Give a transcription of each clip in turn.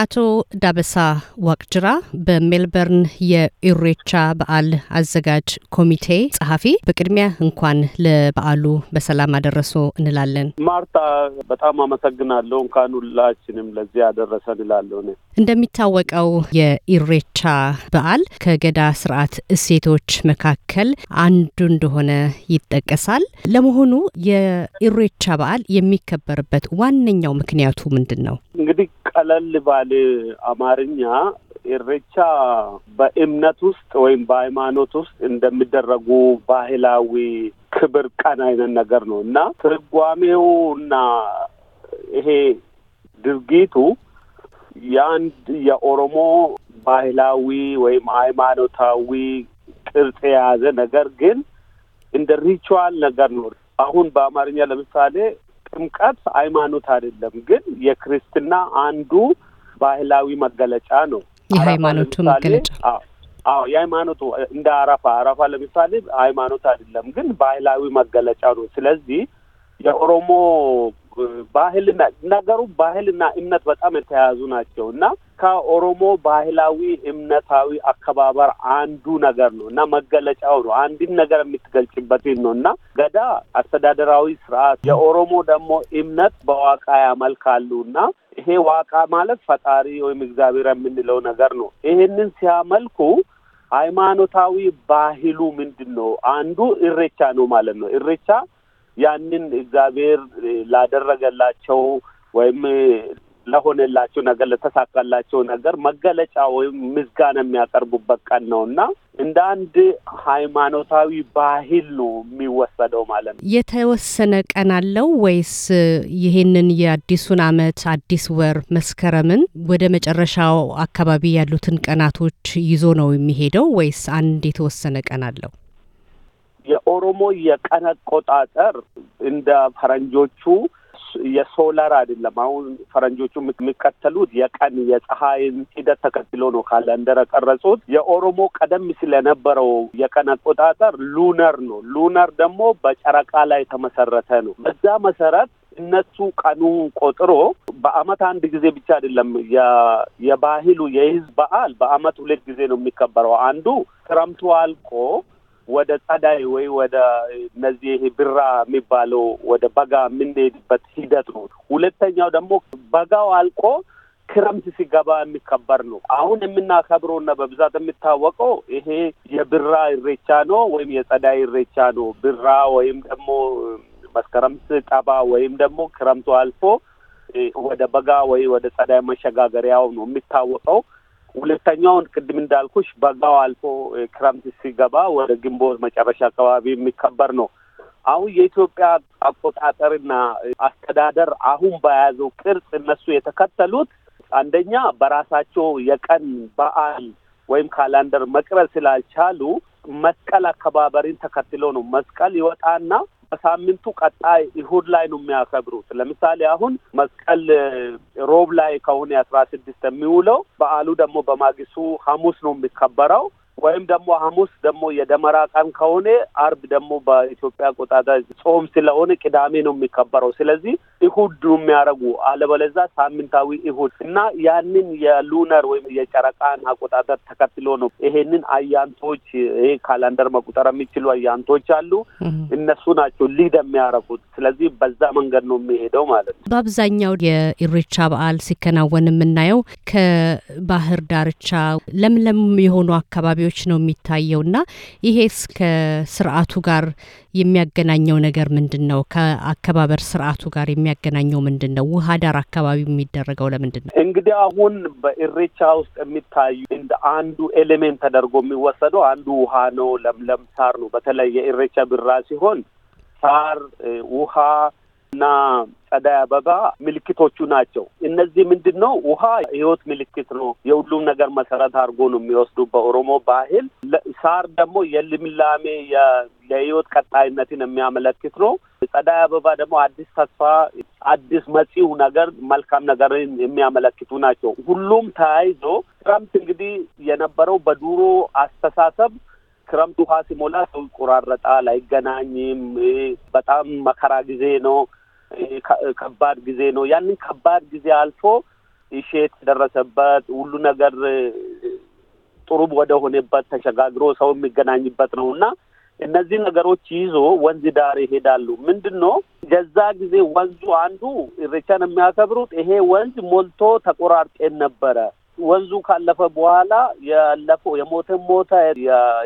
አቶ ዳበሳ ዋቅጅራ በሜልበርን የኢሬቻ በዓል አዘጋጅ ኮሚቴ ጸሐፊ፣ በቅድሚያ እንኳን ለበዓሉ በሰላም አደረሶ እንላለን። ማርታ፣ በጣም አመሰግናለሁ። እንኳን ሁላችንም ለዚህ አደረሰ እንላለሁ። እንደሚታወቀው የኢሬቻ በዓል ከገዳ ስርዓት እሴቶች መካከል አንዱ እንደሆነ ይጠቀሳል። ለመሆኑ የኢሬቻ በዓል የሚከበርበት ዋነኛው ምክንያቱ ምንድን ነው? እንግዲህ ቀለል ባል አማርኛ ኢሬቻ በእምነት ውስጥ ወይም በሃይማኖት ውስጥ እንደሚደረጉ ባህላዊ ክብር ቀን አይነት ነገር ነው እና ትርጓሜው እና ይሄ ድርጊቱ የአንድ የኦሮሞ ባህላዊ ወይም ሃይማኖታዊ ቅርጽ የያዘ ነገር ግን እንደ ሪቹዋል ነገር ነው። አሁን በአማርኛ ለምሳሌ ጥምቀት ሃይማኖት አይደለም፣ ግን የክርስትና አንዱ ባህላዊ መገለጫ ነው። የሃይማኖቱ መገለጫ አዎ፣ የሃይማኖቱ እንደ አረፋ አረፋ ለምሳሌ ሃይማኖት አይደለም፣ ግን ባህላዊ መገለጫ ነው። ስለዚህ የኦሮሞ ባህልና ነገሩ ባህልና እምነት በጣም የተያያዙ ናቸው እና ከኦሮሞ ባህላዊ እምነታዊ አከባበር አንዱ ነገር ነው እና መገለጫው ነው። አንድን ነገር የምትገልጭበትም ነው እና ገዳ አስተዳደራዊ ስርዓት የኦሮሞ ደግሞ እምነት በዋቃ ያመልካሉ እና ይሄ ዋቃ ማለት ፈጣሪ ወይም እግዚአብሔር የምንለው ነገር ነው። ይሄንን ሲያመልኩ ሃይማኖታዊ ባህሉ ምንድን ነው? አንዱ እሬቻ ነው ማለት ነው። እሬቻ ያንን እግዚአብሔር ላደረገላቸው ወይም ለሆነላቸው ነገር ለተሳካላቸው ነገር መገለጫ ወይም ምስጋና የሚያቀርቡበት ቀን ነው እና እንደ አንድ ሃይማኖታዊ ባህል ነው የሚወሰደው ማለት ነው። የተወሰነ ቀን አለው ወይስ ይሄንን የአዲሱን አመት አዲስ ወር መስከረምን ወደ መጨረሻው አካባቢ ያሉትን ቀናቶች ይዞ ነው የሚሄደው ወይስ አንድ የተወሰነ ቀን አለው? የኦሮሞ የቀን አቆጣጠር እንደ ፈረንጆቹ የሶላር አይደለም። አሁን ፈረንጆቹ የሚከተሉት የቀን የፀሐይን ሂደት ተከትሎ ነው ካለንደር የቀረጹት። የኦሮሞ ቀደም ሲል የነበረው የቀን አቆጣጠር ሉነር ነው። ሉነር ደግሞ በጨረቃ ላይ የተመሰረተ ነው። በዛ መሰረት እነሱ ቀኑ ቆጥሮ በአመት አንድ ጊዜ ብቻ አይደለም። የባህሉ የህዝብ በዓል በአመት ሁለት ጊዜ ነው የሚከበረው። አንዱ ክረምቱ አልቆ ወደ ጸዳይ ወይ ወደ እነዚህ ይሄ ብራ የሚባለው ወደ በጋ የምንሄድበት ሂደት ነው። ሁለተኛው ደግሞ በጋው አልቆ ክረምት ሲገባ የሚከበር ነው። አሁን የምናከብረው እና በብዛት የሚታወቀው ይሄ የብራ እሬቻ ነው ወይም የጸዳይ እሬቻ ነው። ብራ ወይም ደግሞ መስከረም ጠባ ወይም ደግሞ ክረምቱ አልፎ ወደ በጋ ወይ ወደ ጸዳይ መሸጋገሪያው ነው የሚታወቀው። ሁለተኛውን ቅድም እንዳልኩሽ በጋው አልፎ ክረምት ሲገባ ወደ ግንቦት መጨረሻ አካባቢ የሚከበር ነው። አሁን የኢትዮጵያ አቆጣጠርና አስተዳደር አሁን በያዘው ቅርጽ እነሱ የተከተሉት አንደኛ በራሳቸው የቀን በዓል ወይም ካላንደር መቅረጽ ስላልቻሉ መስቀል አከባበሪን ተከትሎ ነው። መስቀል ይወጣና በሳምንቱ ቀጣይ እሁድ ላይ ነው የሚያከብሩት። ለምሳሌ አሁን መስቀል ሮብ ላይ ከሆነ አስራ ስድስት የሚውለው በዓሉ ደግሞ በማግስቱ ሐሙስ ነው የሚከበረው ወይም ደግሞ ሐሙስ ደግሞ የደመራ ቀን ከሆነ አርብ ደግሞ በኢትዮጵያ አቆጣጠር ጾም ስለሆነ ቅዳሜ ነው የሚከበረው። ስለዚህ እሁድ ነው የሚያደርጉ። አለበለዛ ሳምንታዊ እሁድ እና ያንን የሉነር ወይም የጨረቃን አቆጣጠር ተከትሎ ነው። ይሄንን አያንቶች ይሄ ካላንደር መቁጠር የሚችሉ አያንቶች አሉ። እነሱ ናቸው ሊድ የሚያደርጉት። ስለዚህ በዛ መንገድ ነው የሚሄደው ማለት ነው። በአብዛኛው የኢሬቻ በዓል ሲከናወን የምናየው ከባህር ዳርቻ ለምለም የሆኑ አካባቢዎች ነው የሚታየው እና ይሄስ ከስርዓቱ ጋር የሚያገናኘው ነገር ምንድን ነው? ከአከባበር ስርአቱ ጋር የሚያገናኘው ምንድን ነው? ውሃ ዳር አካባቢ የሚደረገው ለምንድን ነው? እንግዲህ አሁን በኢሬቻ ውስጥ የሚታዩ እንደ አንዱ ኤሌሜንት ተደርጎ የሚወሰደው አንዱ ውሃ ነው፣ ለምለም ሳር ነው። በተለይ የኢሬቻ ብራ ሲሆን ሳር፣ ውሃ እና ጸዳይ አበባ ምልክቶቹ ናቸው። እነዚህ ምንድን ነው? ውሃ የህይወት ምልክት ነው። የሁሉም ነገር መሰረት አድርጎ ነው የሚወስዱ በኦሮሞ ባህል። ሳር ደግሞ የልምላሜ የህይወት ቀጣይነትን የሚያመለክት ነው። ጸዳይ አበባ ደግሞ አዲስ ተስፋ፣ አዲስ መጪው ነገር መልካም ነገርን የሚያመለክቱ ናቸው። ሁሉም ተያይዞ ክረምት እንግዲህ የነበረው በዱሮ አስተሳሰብ ክረምት ውሃ ሲሞላ ሰው ይቆራረጣል፣ አይገናኝም፣ በጣም መከራ ጊዜ ነው፣ ከባድ ጊዜ ነው። ያንን ከባድ ጊዜ አልፎ እሸት የደረሰበት ሁሉ ነገር ጥሩ ወደ ሆነበት ተሸጋግሮ ሰው የሚገናኝበት ነው እና እነዚህ ነገሮች ይዞ ወንዝ ዳር ይሄዳሉ። ምንድን ነው ገዛ ጊዜ ወንዙ አንዱ ኢሬቻን የሚያከብሩት ይሄ ወንዝ ሞልቶ ተቆራርጤን ነበረ። ወንዙ ካለፈ በኋላ ያለፈው የሞተም ሞተ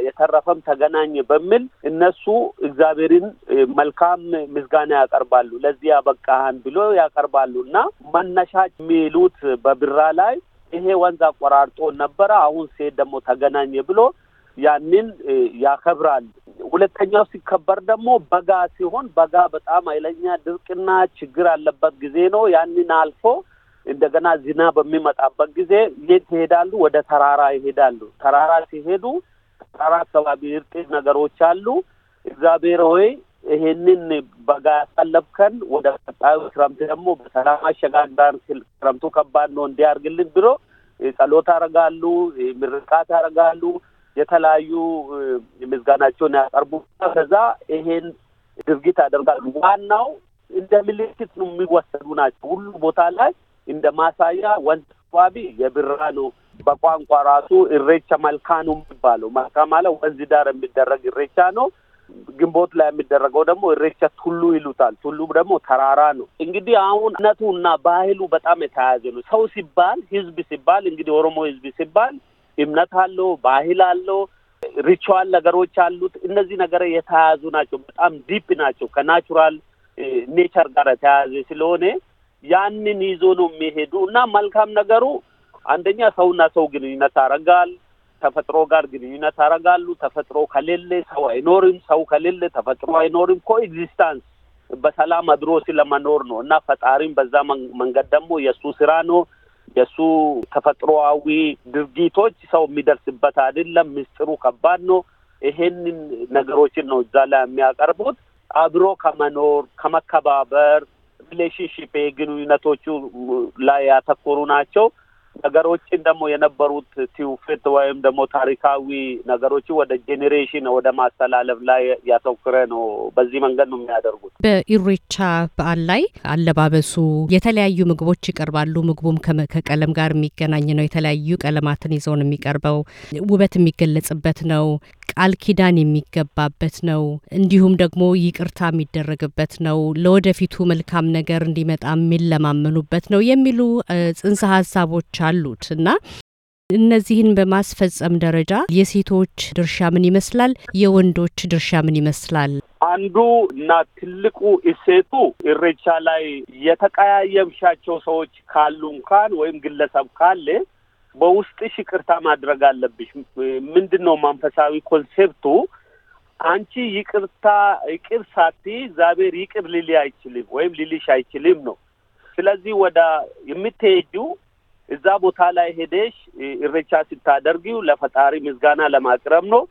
የተረፈም ተገናኘ በሚል እነሱ እግዚአብሔርን መልካም ምስጋና ያቀርባሉ። ለዚህ ያበቃህን ብሎ ያቀርባሉ እና መነሻ የሚሉት በብራ ላይ ይሄ ወንዝ አቆራርጦ ነበረ፣ አሁን ሴት ደግሞ ተገናኘ ብሎ ያንን ያከብራል። ሁለተኛው ሲከበር ደግሞ በጋ ሲሆን በጋ በጣም ኃይለኛ ድርቅና ችግር አለበት ጊዜ ነው። ያንን አልፎ እንደገና ዝናብ በሚመጣበት ጊዜ የት ይሄዳሉ? ወደ ተራራ ይሄዳሉ። ተራራ ሲሄዱ ተራራ አካባቢ እርቅ ነገሮች አሉ። እግዚአብሔር ሆይ ይሄንን በጋ ያሳለፍከን ወደ ቀጣዩ ክረምት ደግሞ በሰላም አሸጋግራን፣ ክረምቱ ከባድ ነው እንዲያርግልን ብሎ ጸሎት አረጋሉ፣ ምርቃት አረጋሉ። የተለያዩ ምስጋናቸውን ያቀርቡ ከዛ ይሄን ድርጊት ያደርጋሉ። ዋናው እንደ ምልክት ነው የሚወሰዱ ናቸው። ሁሉ ቦታ ላይ እንደ ማሳያ ወንዝ አካባቢ የብራ ነው። በቋንቋ ራሱ እሬቻ መልካ ነው የሚባለው። መልካ ማለት ወንዝ ዳር የሚደረግ እሬቻ ነው። ግንቦት ላይ የሚደረገው ደግሞ እሬቻ ቱሉ ይሉታል። ቱሉ ደግሞ ተራራ ነው። እንግዲህ አሁን እነቱ እና ባህሉ በጣም የተያያዘ ነው። ሰው ሲባል ህዝብ ሲባል እንግዲህ ኦሮሞ ህዝብ ሲባል እምነት አለው፣ ባህል አለው፣ ሪቹዋል ነገሮች አሉት። እነዚህ ነገር የተያያዙ ናቸው። በጣም ዲፕ ናቸው። ከናቹራል ኔቸር ጋር የተያያዘ ስለሆነ ያንን ይዞ ነው የሚሄዱ እና መልካም ነገሩ አንደኛ ሰውና ሰው ግንኙነት አረጋል ተፈጥሮ ጋር ግንኙነት አረጋሉ። ተፈጥሮ ከሌለ ሰው አይኖርም፣ ሰው ከሌለ ተፈጥሮ አይኖርም። ኮኤግዚስታንስ በሰላም አድሮ ስለመኖር ነው እና ፈጣሪም በዛ መንገድ ደግሞ የእሱ ስራ ነው። የእሱ ተፈጥሮአዊ ድርጊቶች ሰው የሚደርስበት አይደለም። ምስጢሩ ከባድ ነው። ይሄንን ነገሮችን ነው እዛ ላይ የሚያቀርቡት። አብሮ ከመኖር ከመከባበር ሪሌሽንሽፕ የግንኙነቶቹ ላይ ያተኮሩ ናቸው። ነገሮችን ደግሞ የነበሩት ትውፊት ወይም ደግሞ ታሪካዊ ነገሮችን ወደ ጄኔሬሽን ወደ ማስተላለፍ ላይ ያተኩረ ነው። በዚህ መንገድ ነው የሚያደርጉት። በኢሬቻ በዓል ላይ አለባበሱ የተለያዩ ምግቦች ይቀርባሉ። ምግቡም ከቀለም ጋር የሚገናኝ ነው። የተለያዩ ቀለማትን ይዘው ነው የሚቀርበው። ውበት የሚገለጽበት ነው። ቃል ኪዳን የሚገባበት ነው። እንዲሁም ደግሞ ይቅርታ የሚደረግበት ነው። ለወደፊቱ መልካም ነገር እንዲመጣ የሚለማመኑበት ነው የሚሉ ጽንሰ ሀሳቦች አሉት እና እነዚህን በማስፈጸም ደረጃ የሴቶች ድርሻ ምን ይመስላል? የወንዶች ድርሻ ምን ይመስላል? አንዱ እና ትልቁ እሴቱ እሬቻ ላይ የተቀያየምሻቸው ሰዎች ካሉ እንኳን ወይም ግለሰብ ካለ በውስጥሽ ይቅርታ ማድረግ አለብሽ። ምንድን ነው መንፈሳዊ ኮንሴፕቱ? አንቺ ይቅርታ ይቅር ሳቲ እግዚአብሔር ይቅር ሊል አይችልም ወይም ሊልሽ አይችልም ነው። ስለዚህ ወደ የምትሄጁ እዛ ቦታ ላይ ሄደሽ እርቻ ስታደርጊው ለፈጣሪ ምስጋና ለማቅረብ ነው።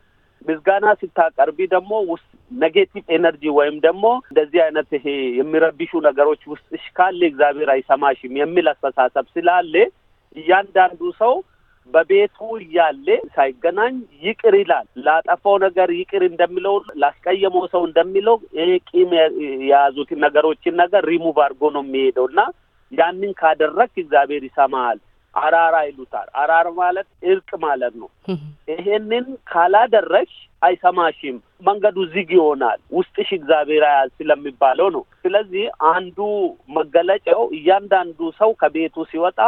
ምስጋና ስታቀርቢ ደግሞ ውስጥ ኔጌቲቭ ኤነርጂ ወይም ደግሞ እንደዚህ አይነት ይሄ የሚረብሹ ነገሮች ውስጥሽ ካለ እግዚአብሔር አይሰማሽም የሚል አስተሳሰብ ስላለ እያንዳንዱ ሰው በቤቱ እያለ ሳይገናኝ ይቅር ይላል። ላጠፋው ነገር ይቅር እንደሚለው ላስቀየመው ሰው እንደሚለው ቂም የያዙትን ነገሮችን ነገር ሪሙቭ አድርጎ ነው የሚሄደው እና ያንን ካደረግክ እግዚአብሔር ይሰማሃል። አራራ ይሉታል። አራር ማለት እርቅ ማለት ነው። ይሄንን ካላደረሽ አይሰማሽም፣ መንገዱ ዝግ ይሆናል፣ ውስጥሽ እግዚአብሔር ያያል ስለሚባለው ነው። ስለዚህ አንዱ መገለጫው እያንዳንዱ ሰው ከቤቱ ሲወጣ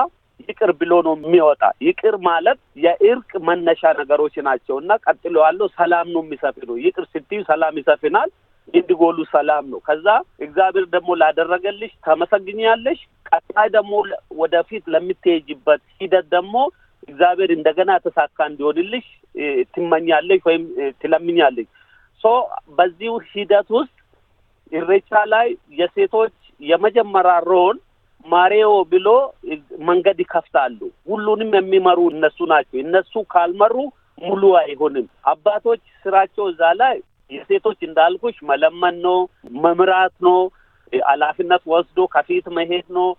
ይቅር ብሎ ነው የሚወጣ። ይቅር ማለት የእርቅ መነሻ ነገሮች ናቸው እና ቀጥሎ ያለው ሰላም ነው የሚሰፍነው። ይቅር ስትዩ ሰላም ይሰፍናል። እንድ ሰላም ነው። ከዛ እግዚአብሔር ደግሞ ላደረገልሽ ተመሰግኛለሽ። ቀጣይ ደግሞ ወደፊት ለምትሄጅበት ሂደት ደግሞ እግዚአብሔር እንደገና ተሳካ እንዲሆንልሽ ትመኛለሽ ወይም ትለምኛለሽ። ሶ በዚሁ ሂደት ውስጥ ኢሬቻ ላይ የሴቶች የመጀመሪያ ሮል ማሬዮ ብሎ መንገድ ይከፍታሉ። ሁሉንም የሚመሩ እነሱ ናቸው። እነሱ ካልመሩ ሙሉ አይሆንም። አባቶች ስራቸው እዛ ላይ የሴቶች እንዳልኩሽ መለመን ነው፣ መምራት ነው፣ ኃላፊነት ወስዶ ከፊት መሄድ ነው።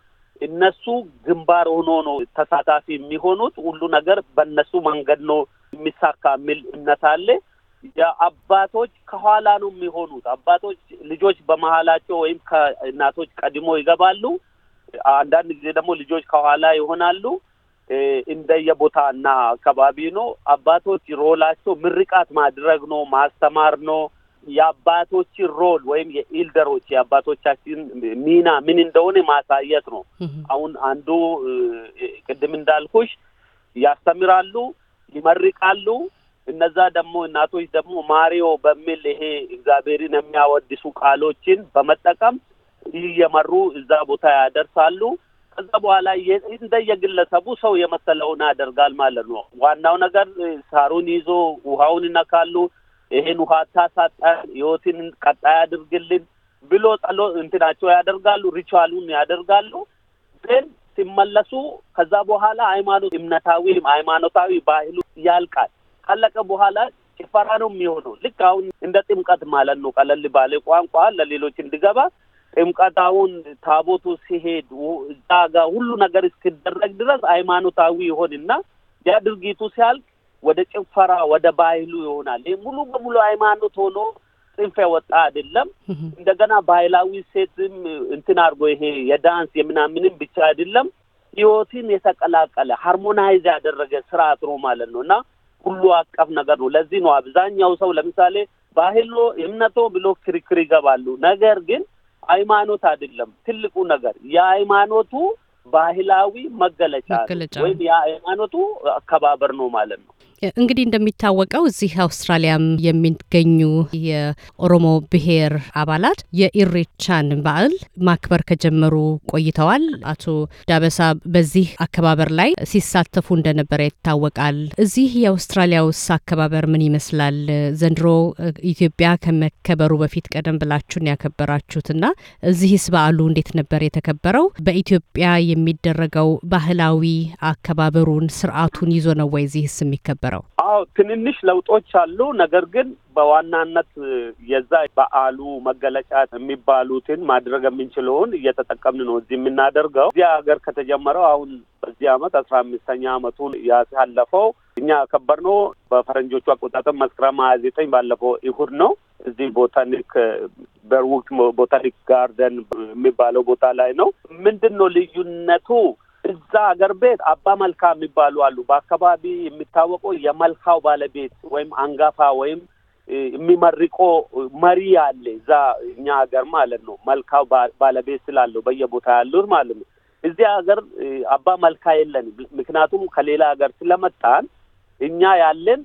እነሱ ግንባር ሆኖ ነው ተሳታፊ የሚሆኑት። ሁሉ ነገር በእነሱ መንገድ ነው የሚሳካ የሚል እምነት አለ። የአባቶች ከኋላ ነው የሚሆኑት። አባቶች ልጆች በመሀላቸው ወይም ከእናቶች ቀድሞ ይገባሉ። አንዳንድ ጊዜ ደግሞ ልጆች ከኋላ ይሆናሉ። እንደየቦታ እና አካባቢ ነው። አባቶች ሮላቸው ምርቃት ማድረግ ነው፣ ማስተማር ነው። የአባቶች ሮል ወይም የኢልደሮች የአባቶቻችን ሚና ምን እንደሆነ ማሳየት ነው። አሁን አንዱ ቅድም እንዳልኩሽ ያስተምራሉ፣ ይመርቃሉ። እነዛ ደግሞ እናቶች ደግሞ ማሪዮ በሚል ይሄ እግዚአብሔርን የሚያወድሱ ቃሎችን በመጠቀም እየመሩ እዛ ቦታ ያደርሳሉ። ከዛ በኋላ እንደየግለሰቡ ሰው የመሰለውን ያደርጋል ማለት ነው። ዋናው ነገር ሳሩን ይዞ ውሃውን ይነካሉ። ይሄን ውሃ ታሳጣን፣ ህይወትን ቀጣይ አድርግልን ብሎ ጸሎ እንትናቸው ያደርጋሉ፣ ሪቹዋሉን ያደርጋሉ። ግን ሲመለሱ ከዛ በኋላ ሃይማኖት እምነታዊ ሃይማኖታዊ ባህሉ ያልቃል። ካለቀ በኋላ ጭፈራ ነው የሚሆነው። ልክ አሁን እንደ ጥምቀት ማለት ነው። ቀለል ባለ ቋንቋ ለሌሎች እንዲገባ ጥምቀታውን ታቦቱ ሲሄድ እዛ ሁሉ ነገር እስክደረግ ድረስ ሃይማኖታዊ ይሆንና ያ ድርጊቱ ሲያልቅ ወደ ጭፈራ ወደ ባህሉ ይሆናል። ሙሉ በሙሉ ሃይማኖት ሆኖ ጽንፍ ወጣ አይደለም። እንደገና ባህላዊ ሴትም እንትን አድርጎ ይሄ የዳንስ የምናምንም ብቻ አይደለም፣ ህይወትን የተቀላቀለ ሃርሞናይዝ ያደረገ ስርዓት ነው ማለት ነው እና ሁሉ አቀፍ ነገር ነው። ለዚህ ነው አብዛኛው ሰው ለምሳሌ ባህሎ እምነቶ ብሎ ክርክር ይገባሉ። ነገር ግን ሃይማኖት አይደለም ትልቁ ነገር የሃይማኖቱ ባህላዊ መገለጫ ወይም የሃይማኖቱ አከባበር ነው ማለት ነው። እንግዲህ እንደሚታወቀው እዚህ አውስትራሊያም የሚገኙ የኦሮሞ ብሔር አባላት የኢሬቻን በዓል ማክበር ከጀመሩ ቆይተዋል። አቶ ዳበሳ በዚህ አከባበር ላይ ሲሳተፉ እንደነበረ ይታወቃል። እዚህ የአውስትራሊያ ውስጥ አከባበር ምን ይመስላል? ዘንድሮ ኢትዮጵያ ከመከበሩ በፊት ቀደም ብላችሁን ያከበራችሁትና እዚህስ በዓሉ እንዴት ነበር የተከበረው? በኢትዮጵያ የሚደረገው ባህላዊ አከባበሩን ስርዓቱን ይዞ ነው ወይ እዚህስ የሚከበረው? የነበረው? አዎ ትንንሽ ለውጦች አሉ። ነገር ግን በዋናነት የዛ በዓሉ መገለጫ የሚባሉትን ማድረግ የምንችለውን እየተጠቀምን ነው እዚህ የምናደርገው። እዚ ሀገር ከተጀመረው አሁን በዚህ አመት አስራ አምስተኛ አመቱን ያሳለፈው እኛ ያከበርነው በፈረንጆቹ አቆጣጠር መስከረም ሀያ ዘጠኝ ባለፈው እሁድ ነው። እዚህ ቦታኒክ በርውክ ቦታኒክ ጋርደን የሚባለው ቦታ ላይ ነው። ምንድን ነው ልዩነቱ? እዛ ሀገር ቤት አባ መልካ የሚባሉ አሉ። በአካባቢ የሚታወቁ የመልካው ባለቤት ወይም አንጋፋ ወይም የሚመርቆ መሪ አለ እዛ እኛ ሀገር ማለት ነው። መልካው ባለቤት ስላለው በየቦታ ያሉት ማለት ነው። እዚህ ሀገር አባ መልካ የለን ምክንያቱም ከሌላ ሀገር ስለመጣን እኛ ያለን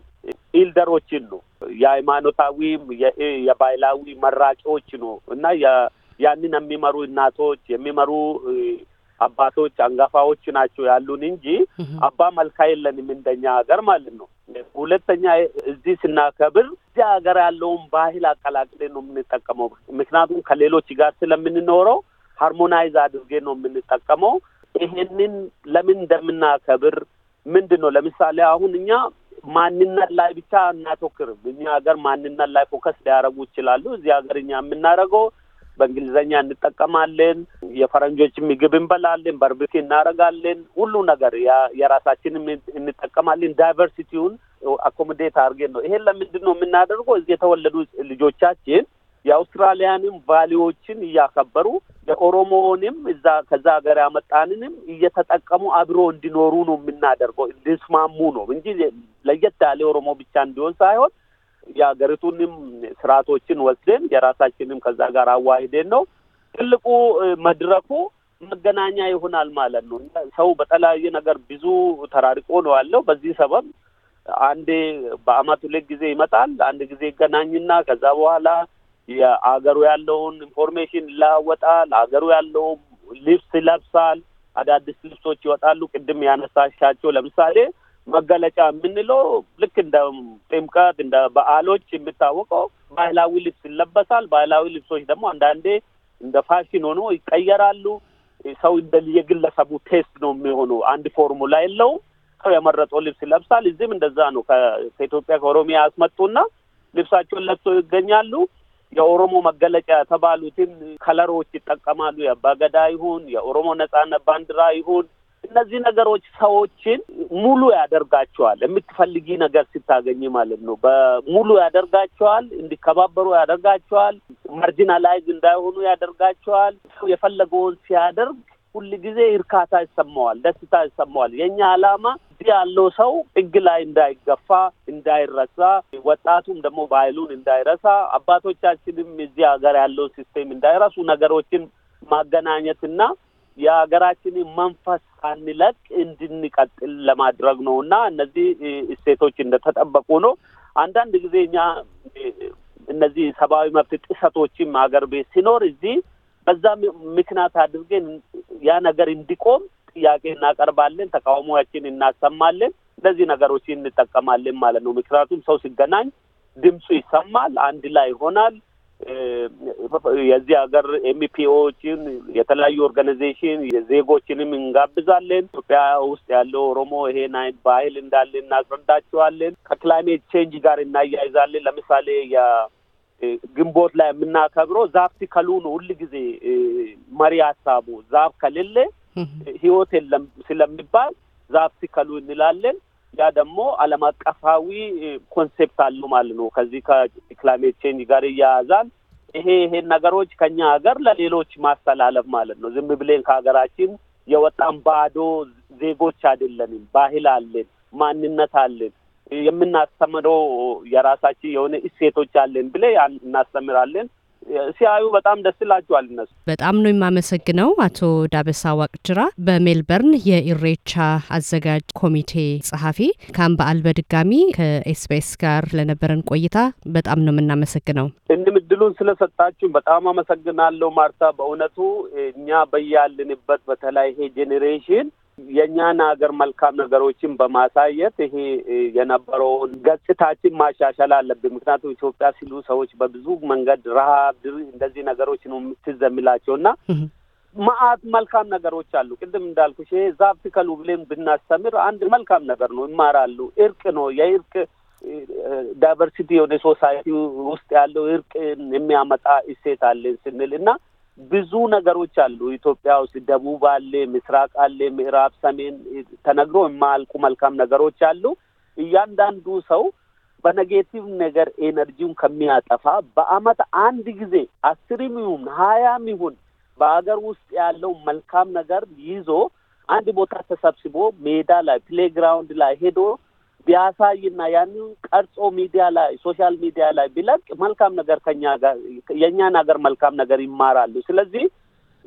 ኢልደሮችን ነው የሃይማኖታዊም የባህላዊ መራቂዎች ነው እና ያንን የሚመሩ እናቶች የሚመሩ አባቶች አንጋፋዎች ናቸው ያሉን እንጂ አባ መልካ የለንም እንደኛ ሀገር ማለት ነው። ሁለተኛ እዚህ ስናከብር እዚ ሀገር ያለውን ባህል አቀላቅሌ ነው የምንጠቀመው። ምክንያቱም ከሌሎች ጋር ስለምንኖረው ሃርሞናይዝ አድርጌ ነው የምንጠቀመው። ይሄንን ለምን እንደምናከብር ምንድን ነው ለምሳሌ አሁን እኛ ማንነት ላይ ብቻ እናተኩርም። እኛ ሀገር ማንነት ላይ ፎከስ ሊያደርጉ ይችላሉ። እዚህ ሀገር እኛ የምናደርገው በእንግሊዝኛ እንጠቀማለን። የፈረንጆች ምግብ እንበላለን። በርብኪ እናደርጋለን። ሁሉ ነገር የራሳችንም እንጠቀማለን። ዳይቨርሲቲውን አኮሞዴት አድርገን ነው። ይሄን ለምንድን ነው የምናደርገው? እዚህ የተወለዱ ልጆቻችን የአውስትራሊያንም ቫሊዎችን እያከበሩ የኦሮሞውንም እዛ ከዛ ሀገር ያመጣንንም እየተጠቀሙ አብሮ እንዲኖሩ ነው የምናደርገው፣ እንዲስማሙ ነው እንጂ ለየት ያለ ኦሮሞ ብቻ እንዲሆን ሳይሆን የሀገሪቱንም ስርዓቶችን ወስደን የራሳችንም ከዛ ጋር አዋሂደን ነው ትልቁ መድረኩ መገናኛ ይሆናል ማለት ነው። ሰው በተለያየ ነገር ብዙ ተራርቆ ነው ያለው። በዚህ ሰበብ አንዴ በአመት ሁለት ጊዜ ይመጣል። አንድ ጊዜ ይገናኝና ከዛ በኋላ የአገሩ ያለውን ኢንፎርሜሽን ይለዋወጣል። አገሩ ያለው ልብስ ይለብሳል። አዳዲስ ልብሶች ይወጣሉ። ቅድም ያነሳሻቸው ለምሳሌ መገለጫ የምንለው ልክ እንደ ጥምቀት እንደ በዓሎች የሚታወቀው ባህላዊ ልብስ ይለበሳል። ባህላዊ ልብሶች ደግሞ አንዳንዴ እንደ ፋሽን ሆኖ ይቀየራሉ። ሰው የግለሰቡ ቴስት ነው የሚሆኑ አንድ ፎርሙላ የለውም። ሰው የመረጠው ልብስ ይለብሳል። እዚህም እንደዛ ነው። ከኢትዮጵያ ከኦሮሚያ አስመጡና ልብሳቸውን ለብሶ ይገኛሉ። የኦሮሞ መገለጫ የተባሉትን ከለሮች ይጠቀማሉ። የአባገዳ ይሁን የኦሮሞ ነጻነት ባንዲራ ይሁን እነዚህ ነገሮች ሰዎችን ሙሉ ያደርጋቸዋል። የምትፈልጊ ነገር ስታገኝ ማለት ነው። በሙሉ ያደርጋቸዋል፣ እንዲከባበሩ ያደርጋቸዋል፣ ማርጂናላይዝ እንዳይሆኑ ያደርጋቸዋል። ሰው የፈለገውን ሲያደርግ ሁል ጊዜ እርካታ ይሰማዋል፣ ደስታ ይሰማዋል። የእኛ ዓላማ እዚህ ያለው ሰው ጥግ ላይ እንዳይገፋ፣ እንዳይረሳ፣ ወጣቱም ደግሞ ባህሉን እንዳይረሳ፣ አባቶቻችንም እዚህ ሀገር ያለው ሲስቴም እንዳይረሱ ነገሮችን ማገናኘትና የሀገራችንን መንፈስ አንለቅ እንድንቀጥል ለማድረግ ነው እና እነዚህ እሴቶች እንደተጠበቁ ነው። አንዳንድ ጊዜ እኛ እነዚህ ሰብአዊ መብት ጥሰቶችም ሀገር ቤት ሲኖር እዚህ በዛ ምክንያት አድርገን ያ ነገር እንዲቆም ጥያቄ እናቀርባለን፣ ተቃውሞችን እናሰማለን። እነዚህ ነገሮች እንጠቀማለን ማለት ነው። ምክንያቱም ሰው ሲገናኝ ድምፁ ይሰማል፣ አንድ ላይ ይሆናል። የዚህ ሀገር ኤምፒኦችን የተለያዩ ኦርጋናይዜሽን ዜጎችንም እንጋብዛለን። ኢትዮጵያ ውስጥ ያለው ኦሮሞ ይሄን አይነት ባህል እንዳለ እናስረዳቸዋለን። ከክላይሜት ቼንጅ ጋር እናያይዛለን። ለምሳሌ ግንቦት ላይ የምናከብረው ዛፍ ሲከሉ ነው። ሁል ጊዜ መሪ ሀሳቡ ዛፍ ከሌለ ህይወት የለም ስለሚባል ዛፍ ሲከሉ እንላለን። ያ ደግሞ ዓለም አቀፋዊ ኮንሴፕት አሉ ማለት ነው። ከዚህ ከክላይሜት ቼንጅ ጋር እያያዛል። ይሄ ይሄን ነገሮች ከኛ ሀገር ለሌሎች ማስተላለፍ ማለት ነው። ዝም ብለን ከሀገራችን የወጣን ባዶ ዜጎች አይደለንም። ባህል አለን፣ ማንነት አለን፣ የምናስተምረው የራሳችን የሆነ እሴቶች አለን ብለ እናስተምራለን። ሲያዩ በጣም ደስ ይላቸዋል። እነሱ በጣም ነው የማመሰግነው። አቶ ዳበሳ ዋቅጅራ በሜልበርን የኢሬቻ አዘጋጅ ኮሚቴ ጸሐፊ፣ ከአምበዓል በድጋሚ ከኤስቢኤስ ጋር ለነበረን ቆይታ በጣም ነው የምናመሰግነው። እንም እድሉን ስለሰጣችሁ በጣም አመሰግናለሁ ማርታ። በእውነቱ እኛ በያልንበት በተለይ ይሄ ጄኔሬሽን የእኛን ሀገር መልካም ነገሮችን በማሳየት ይሄ የነበረውን ገጽታችን ማሻሻል አለብን። ምክንያቱም ኢትዮጵያ ሲሉ ሰዎች በብዙ መንገድ ረሃብ፣ እንደዚህ ነገሮች ነው የምትዝ እና መልካም ነገሮች አሉ። ቅድም እንዳልኩሽ ይሄ ዛፍ ከሉ ብለን ብናስተምር አንድ መልካም ነገር ነው፣ ይማራሉ። እርቅ ነው የእርቅ ዳይቨርሲቲ የሆነ ሶሳይቲ ውስጥ ያለው እርቅን የሚያመጣ እሴት አለን ስንል እና ብዙ ነገሮች አሉ ኢትዮጵያ ውስጥ። ደቡብ አለ፣ ምስራቅ አለ፣ ምዕራብ፣ ሰሜን ተነግሮ የማያልቁ መልካም ነገሮች አሉ። እያንዳንዱ ሰው በኔጌቲቭ ነገር ኤነርጂውን ከሚያጠፋ በአመት አንድ ጊዜ አስርም ይሁን ሀያም ይሁን በሀገር ውስጥ ያለው መልካም ነገር ይዞ አንድ ቦታ ተሰብስቦ ሜዳ ላይ ፕሌግራውንድ ላይ ሄዶ ቢያሳይና ያንን ቀርጾ ሚዲያ ላይ ሶሻል ሚዲያ ላይ ቢለቅ መልካም ነገር ከኛ ጋር የእኛን ሀገር መልካም ነገር ይማራሉ። ስለዚህ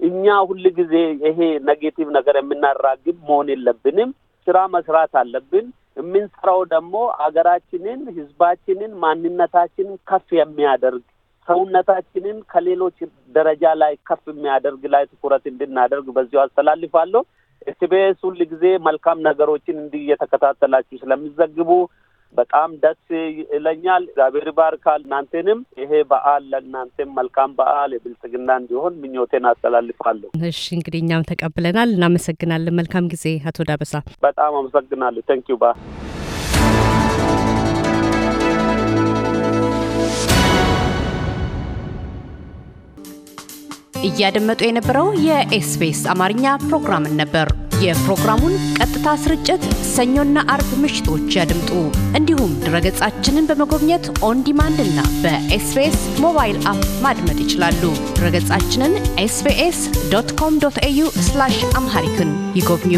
እኛ ሁል ጊዜ ይሄ ኔጌቲቭ ነገር የምናራግብ መሆን የለብንም። ስራ መስራት አለብን። የምንሰራው ደግሞ ሀገራችንን፣ ህዝባችንን፣ ማንነታችንን ከፍ የሚያደርግ ሰውነታችንን ከሌሎች ደረጃ ላይ ከፍ የሚያደርግ ላይ ትኩረት እንድናደርግ በዚሁ አስተላልፋለሁ። ኤስቢኤስ ሁል ጊዜ መልካም ነገሮችን እንዲህ እየተከታተላችሁ ስለሚዘግቡ በጣም ደስ ይለኛል። እግዚአብሔር ይባርካል። እናንተንም ይሄ በዓል ለእናንተም መልካም በዓል የብልጽግና እንዲሆን ምኞቴን አስተላልፋለሁ። እሺ እንግዲህ እኛም ተቀብለናል። እናመሰግናለን። መልካም ጊዜ አቶ ዳበሳ። በጣም አመሰግናለሁ። ቴንኪዩ ባ እያደመጡ የነበረው የኤስቢኤስ አማርኛ ፕሮግራምን ነበር። የፕሮግራሙን ቀጥታ ስርጭት ሰኞና አርብ ምሽቶች ያድምጡ። እንዲሁም ድረገጻችንን በመጎብኘት ኦንዲማንድ እና በኤስቢኤስ ሞባይል አፕ ማድመጥ ይችላሉ። ድረገጻችንን ኤስቢኤስ ዶት ኮም ዶት ኤዩ አምሃሪክን ይጎብኙ።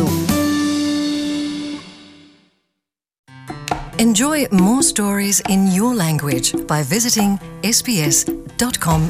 Enjoy more stories in your language by visiting sbs.com.au.